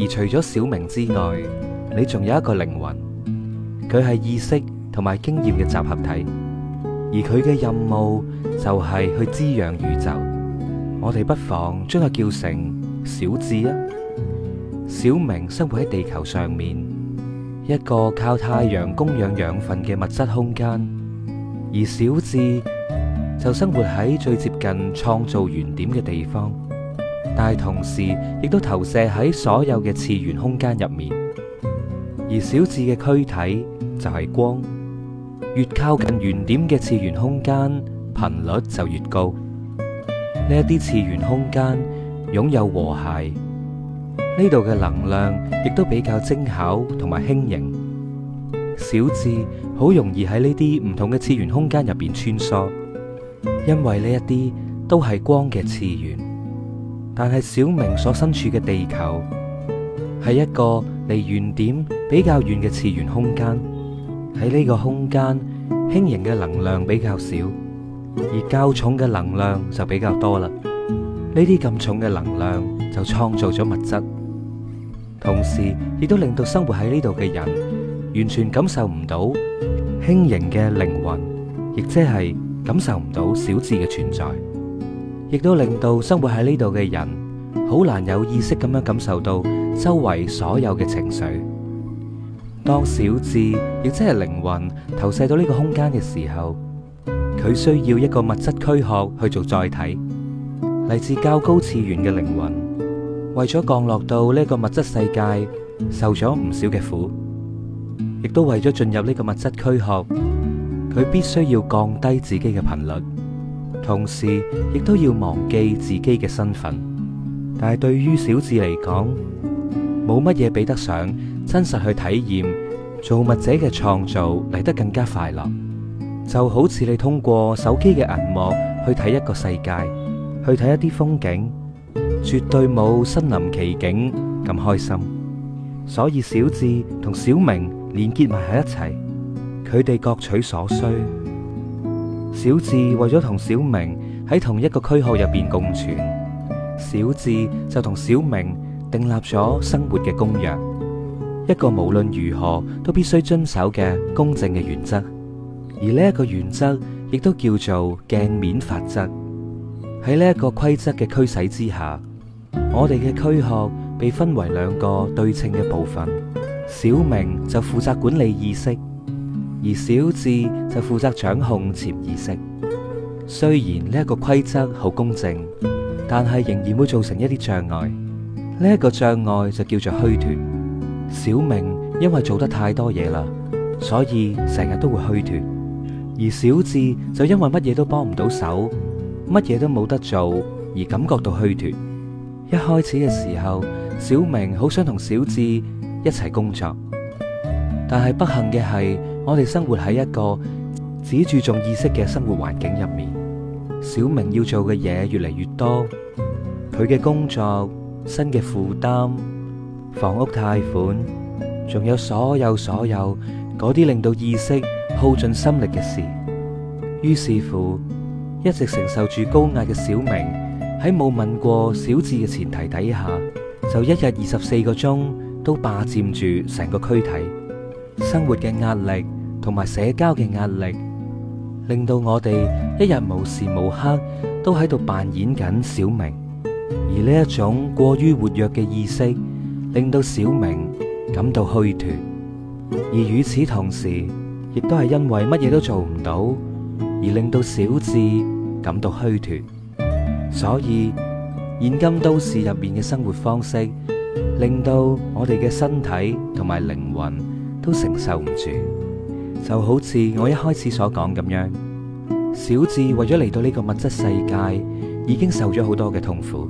而除咗小明之外，你仲有一個靈魂，佢係意識同埋經驗嘅集合體，而佢嘅任務就係去滋養宇宙。我哋不妨將佢叫成小智啊！小明生活喺地球上面，一個靠太陽供養養分嘅物質空間，而小智就生活喺最接近創造原點嘅地方。但係同時，亦都投射喺所有嘅次元空間入面。而小智嘅軀體就係光，越靠近原點嘅次元空間，頻率就越高。呢一啲次元空間擁有和諧，呢度嘅能量亦都比較精巧同埋輕盈。小智好容易喺呢啲唔同嘅次元空間入邊穿梭，因為呢一啲都係光嘅次元。但係小明所身處嘅地球，係一個離原點比較遠嘅次元空間。喺呢個空間，輕盈嘅能量比較少，而較重嘅能量就比較多啦。呢啲咁重嘅能量就創造咗物質，同時亦都令到生活喺呢度嘅人完全感受唔到輕盈嘅靈魂，亦即係感受唔到小智嘅存在。亦都令到生活喺呢度嘅人好難有意識咁樣感受到周圍所有嘅情緒。當小智，亦即係靈魂投射到呢個空間嘅時候，佢需要一個物質軀殼去做載體。嚟自較高次元嘅靈魂，為咗降落到呢個物質世界，受咗唔少嘅苦，亦都為咗進入呢個物質軀殼，佢必須要降低自己嘅頻率。同時，亦都要忘記自己嘅身份。但係對於小智嚟講，冇乜嘢比得上真實去體驗造物者嘅創造嚟得更加快樂。就好似你通過手機嘅銀幕去睇一個世界，去睇一啲風景，絕對冇身臨其境咁開心。所以小智同小明連結埋喺一齊，佢哋各取所需。小智為咗同小明喺同一個軀殼入邊共存，小智就同小明訂立咗生活嘅公約，一個無論如何都必須遵守嘅公正嘅原則。而呢一個原則亦都叫做鏡面法則。喺呢一個規則嘅驅使之下，我哋嘅軀殼被分為兩個對稱嘅部分，小明就負責管理意識。而小智就負責掌控潛意識。雖然呢一個規則好公正，但係仍然會造成一啲障礙。呢一個障礙就叫做虛脫。小明因為做得太多嘢啦，所以成日都會虛脫。而小智就因為乜嘢都幫唔到手，乜嘢都冇得做，而感覺到虛脫。一開始嘅時候，小明好想同小智一齊工作，但係不幸嘅係。我哋生活喺一個只注重意識嘅生活環境入面，小明要做嘅嘢越嚟越多，佢嘅工作、新嘅負擔、房屋貸款，仲有所有所有嗰啲令到意識耗盡心力嘅事。於是乎，一直承受住高壓嘅小明喺冇問過小智嘅前提底下，就一日二十四個鐘都霸佔住成個軀體，生活嘅壓力。同埋社交嘅壓力，令到我哋一日無時無刻都喺度扮演緊小明。而呢一種過於活躍嘅意識，令到小明感到虛脫。而與此同時，亦都係因為乜嘢都做唔到，而令到小智感到虛脫。所以現今都市入面嘅生活方式，令到我哋嘅身體同埋靈魂都承受唔住。就好似我一開始所講咁樣，小智為咗嚟到呢個物質世界，已經受咗好多嘅痛苦，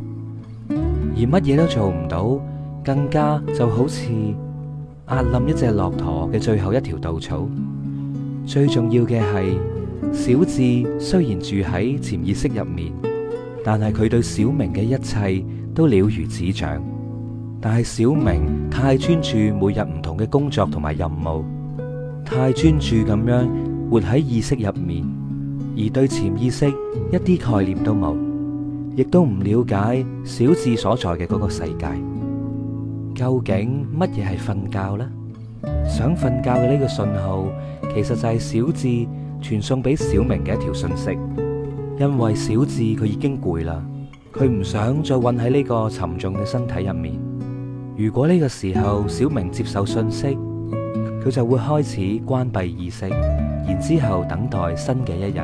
而乜嘢都做唔到，更加就好似壓冧一隻駱駝嘅最後一條稻草。最重要嘅係，小智雖然住喺潛意識入面，但係佢對小明嘅一切都了如指掌。但係小明太專注每日唔同嘅工作同埋任務。太專注咁樣活喺意識入面，而對潛意識一啲概念都冇，亦都唔了解小智所在嘅嗰個世界。究竟乜嘢係瞓覺呢？想瞓覺嘅呢個信號，其實就係小智傳送俾小明嘅一條訊息。因為小智佢已經攰啦，佢唔想再混喺呢個沉重嘅身體入面。如果呢個時候小明接受訊息，佢就會開始關閉意識，然之後等待新嘅一日。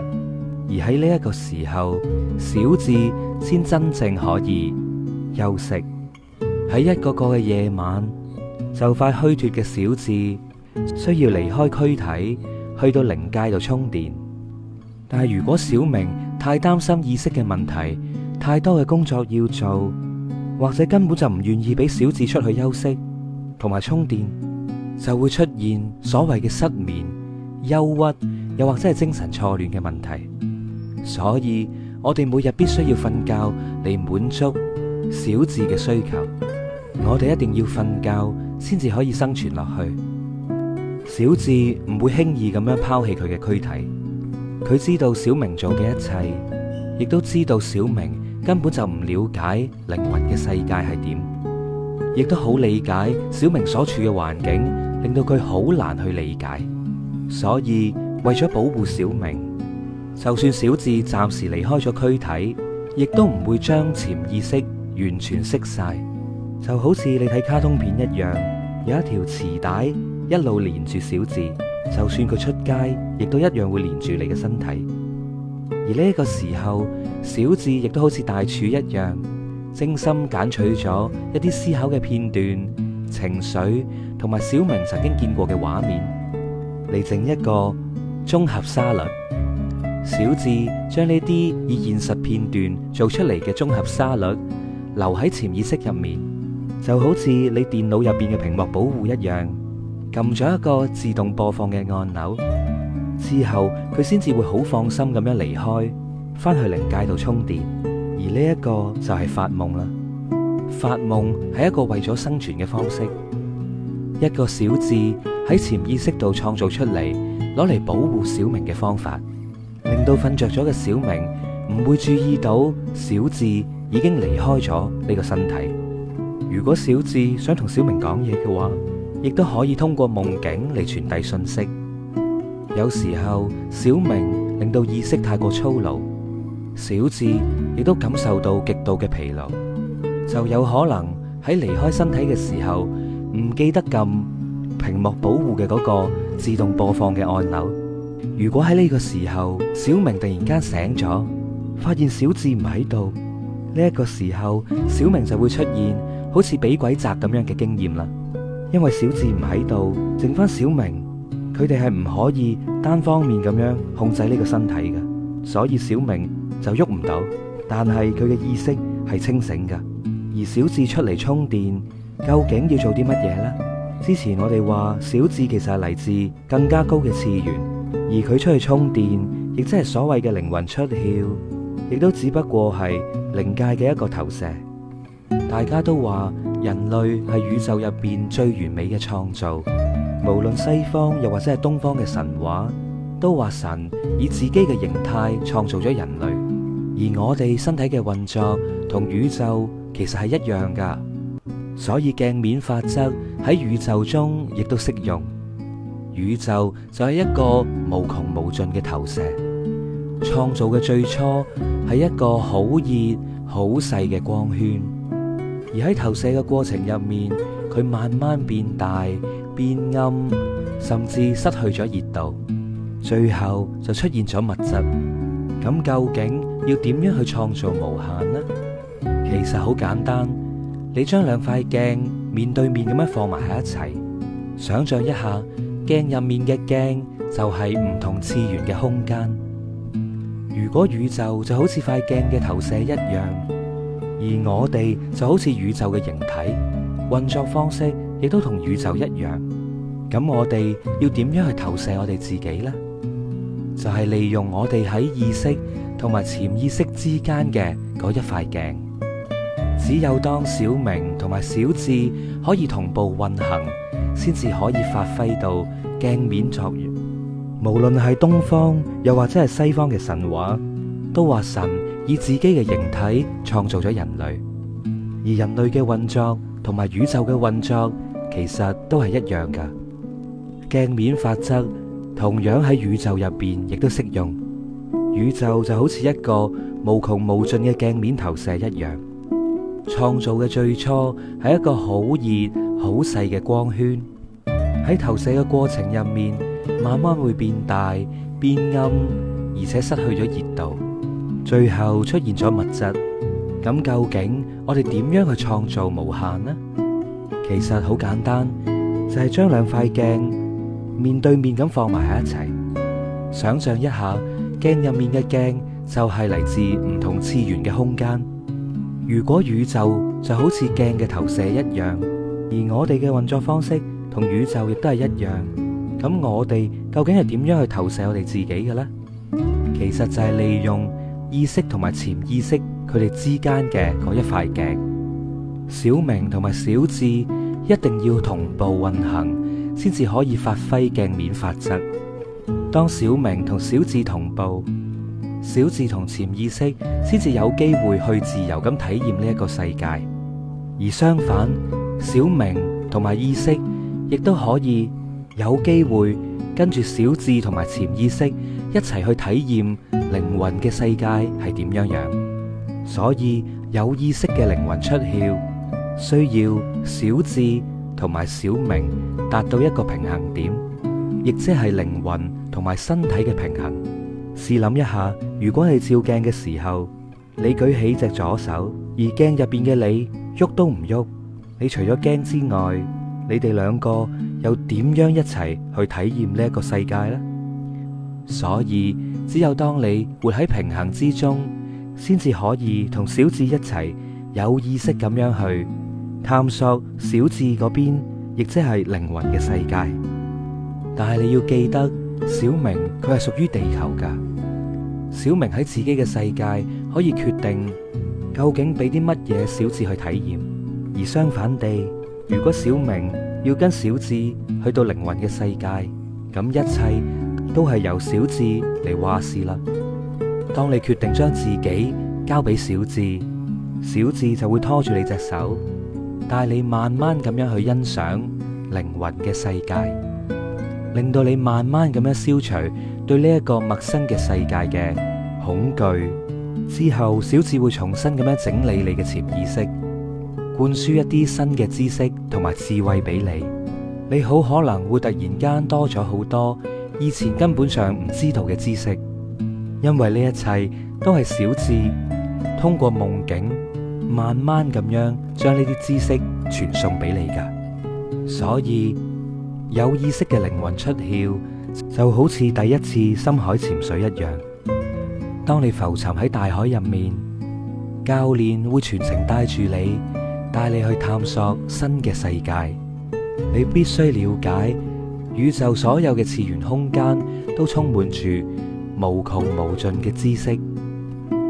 而喺呢一個時候，小智先真正可以休息。喺一個個嘅夜晚，就快虛脫嘅小智需要離開軀體，去到靈界度充電。但係如果小明太擔心意識嘅問題，太多嘅工作要做，或者根本就唔願意俾小智出去休息同埋充電。就會出現所謂嘅失眠、憂鬱，又或者係精神錯亂嘅問題。所以，我哋每日必須要瞓覺嚟滿足小智嘅需求。我哋一定要瞓覺先至可以生存落去。小智唔會輕易咁樣拋棄佢嘅軀體。佢知道小明做嘅一切，亦都知道小明根本就唔了解靈魂嘅世界係點。亦都好理解小明所處嘅環境，令到佢好難去理解。所以為咗保護小明，就算小智暫時離開咗軀體，亦都唔會將潛意識完全熄晒。就好似你睇卡通片一樣，有一條磁帶一路連住小智，就算佢出街，亦都一樣會連住你嘅身體。而呢個時候，小智亦都好似大柱一樣。精心揀取咗一啲思考嘅片段、情緒同埋小明曾經見過嘅畫面，嚟整一個綜合沙律。小智將呢啲以現實片段做出嚟嘅綜合沙律留喺潛意識入面，就好似你電腦入邊嘅屏幕保護一樣，撳咗一個自動播放嘅按鈕之後，佢先至會好放心咁樣離開，翻去靈界度充電。而呢一個就係發夢啦，發夢係一個為咗生存嘅方式，一個小智喺潛意識度創造出嚟，攞嚟保護小明嘅方法，令到瞓着咗嘅小明唔會注意到小智已經離開咗呢個身體。如果小智想同小明講嘢嘅話，亦都可以通過夢境嚟傳遞信息。有時候，小明令到意識太過粗魯，小智亦都感受到極度嘅疲勞，就有可能喺離開身體嘅時候唔記得撳屏幕保護嘅嗰個自動播放嘅按鈕。如果喺呢個時候，小明突然間醒咗，發現小智唔喺度，呢一個時候小明就會出現好似俾鬼壓咁樣嘅經驗啦。因為小智唔喺度，剩翻小明，佢哋係唔可以單方面咁樣控制呢個身體嘅，所以小明就喐唔到。但係佢嘅意識係清醒嘅，而小智出嚟充電究竟要做啲乜嘢呢？之前我哋話小智其實係嚟自更加高嘅次元，而佢出去充電亦即係所謂嘅靈魂出竅，亦都只不過係靈界嘅一個投射。大家都話人類係宇宙入邊最完美嘅創造，無論西方又或者係東方嘅神話，都話神以自己嘅形態創造咗人類。而我哋身體嘅運作同宇宙其實係一樣噶，所以鏡面法則喺宇宙中亦都適用。宇宙就係一個無窮無盡嘅投射，創造嘅最初係一個好熱好細嘅光圈，而喺投射嘅過程入面，佢慢慢變大變暗，甚至失去咗熱度，最後就出現咗物質。咁究竟？要點樣去創造無限呢？其實好簡單，你將兩塊鏡面對面咁樣放埋喺一齊，想象一下鏡入面嘅鏡就係唔同次元嘅空間。如果宇宙就好似塊鏡嘅投射一樣，而我哋就好似宇宙嘅形體，運作方式亦都同宇宙一樣。咁我哋要點樣去投射我哋自己呢？就係、是、利用我哋喺意識。同埋潛意識之間嘅嗰一塊鏡，只有當小明同埋小智可以同步運行，先至可以發揮到鏡面作用。無論係東方又或者係西方嘅神話，都話神以自己嘅形體創造咗人類，而人類嘅運作同埋宇宙嘅運作其實都係一樣㗎。鏡面法則同樣喺宇宙入邊亦都適用。宇宙就好似一個無窮無盡嘅鏡面投射一樣，創造嘅最初係一個好熱好細嘅光圈，喺投射嘅過程入面，慢慢會變大、變暗，而且失去咗熱度，最後出現咗物質。咁究竟我哋點樣去創造無限呢？其實好簡單，就係將兩塊鏡面對面咁放埋喺一齊，想象一下。鏡入面嘅鏡就係嚟自唔同次元嘅空間。如果宇宙就好似鏡嘅投射一樣，而我哋嘅運作方式同宇宙亦都係一樣。咁我哋究竟係點樣去投射我哋自己嘅呢？其實就係利用意識同埋潛意識佢哋之間嘅嗰一塊鏡。小明同埋小智一定要同步運行，先至可以發揮鏡面法則。當小明同小智同步，小智同潛意識先至有機會去自由咁體驗呢一個世界。而相反，小明同埋意識亦都可以有機會跟住小智同埋潛意識一齊去體驗靈魂嘅世界係點樣樣。所以有意識嘅靈魂出竅，需要小智同埋小明達到一個平衡點，亦即係靈魂。同埋身體嘅平衡，試諗一下，如果你照鏡嘅時候，你舉起隻左手，而鏡入邊嘅你喐都唔喐，你除咗驚之外，你哋兩個又點樣一齊去體驗呢一個世界呢？所以只有當你活喺平衡之中，先至可以同小智一齊有意識咁樣去探索小智嗰邊，亦即係靈魂嘅世界。但係你要記得。小明佢係屬於地球噶，小明喺自己嘅世界可以決定究竟俾啲乜嘢小智去體驗。而相反地，如果小明要跟小智去到靈魂嘅世界，咁一切都係由小智嚟話事啦。當你決定將自己交俾小智，小智就會拖住你隻手，帶你慢慢咁樣去欣賞靈魂嘅世界。令到你慢慢咁樣消除對呢一個陌生嘅世界嘅恐懼之後，小智會重新咁樣整理你嘅潛意識，灌輸一啲新嘅知識同埋智慧俾你。你好可能會突然間多咗好多以前根本上唔知道嘅知識，因為呢一切都係小智通過夢境慢慢咁樣將呢啲知識傳送俾你噶。所以。有意識嘅靈魂出竅，就好似第一次深海潛水一樣。當你浮沉喺大海入面，教練會全程帶住你，帶你去探索新嘅世界。你必須了解，宇宙所有嘅次元空間都充滿住無窮無盡嘅知識。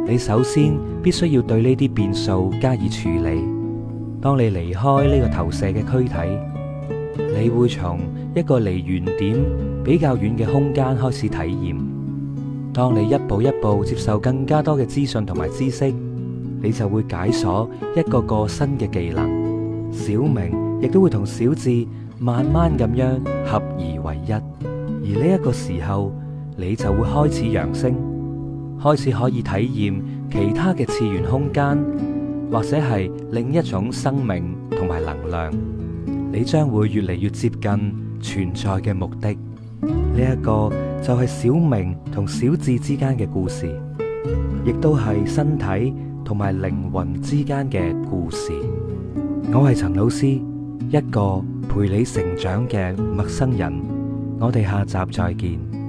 你首先必須要對呢啲變數加以處理。當你離開呢個投射嘅軀體。你會從一個離原點比較遠嘅空間開始體驗，當你一步一步接受更加多嘅資訊同埋知識，你就會解鎖一個個新嘅技能。小明亦都會同小智慢慢咁樣合而為一，而呢一個時候，你就會開始揚升，開始可以體驗其他嘅次元空間，或者係另一種生命同埋能量。你將會越嚟越接近存在嘅目的，呢一個就係小明同小智之間嘅故事，亦都係身體同埋靈魂之間嘅故事。我係陳老師，一個陪你成長嘅陌生人。我哋下集再見。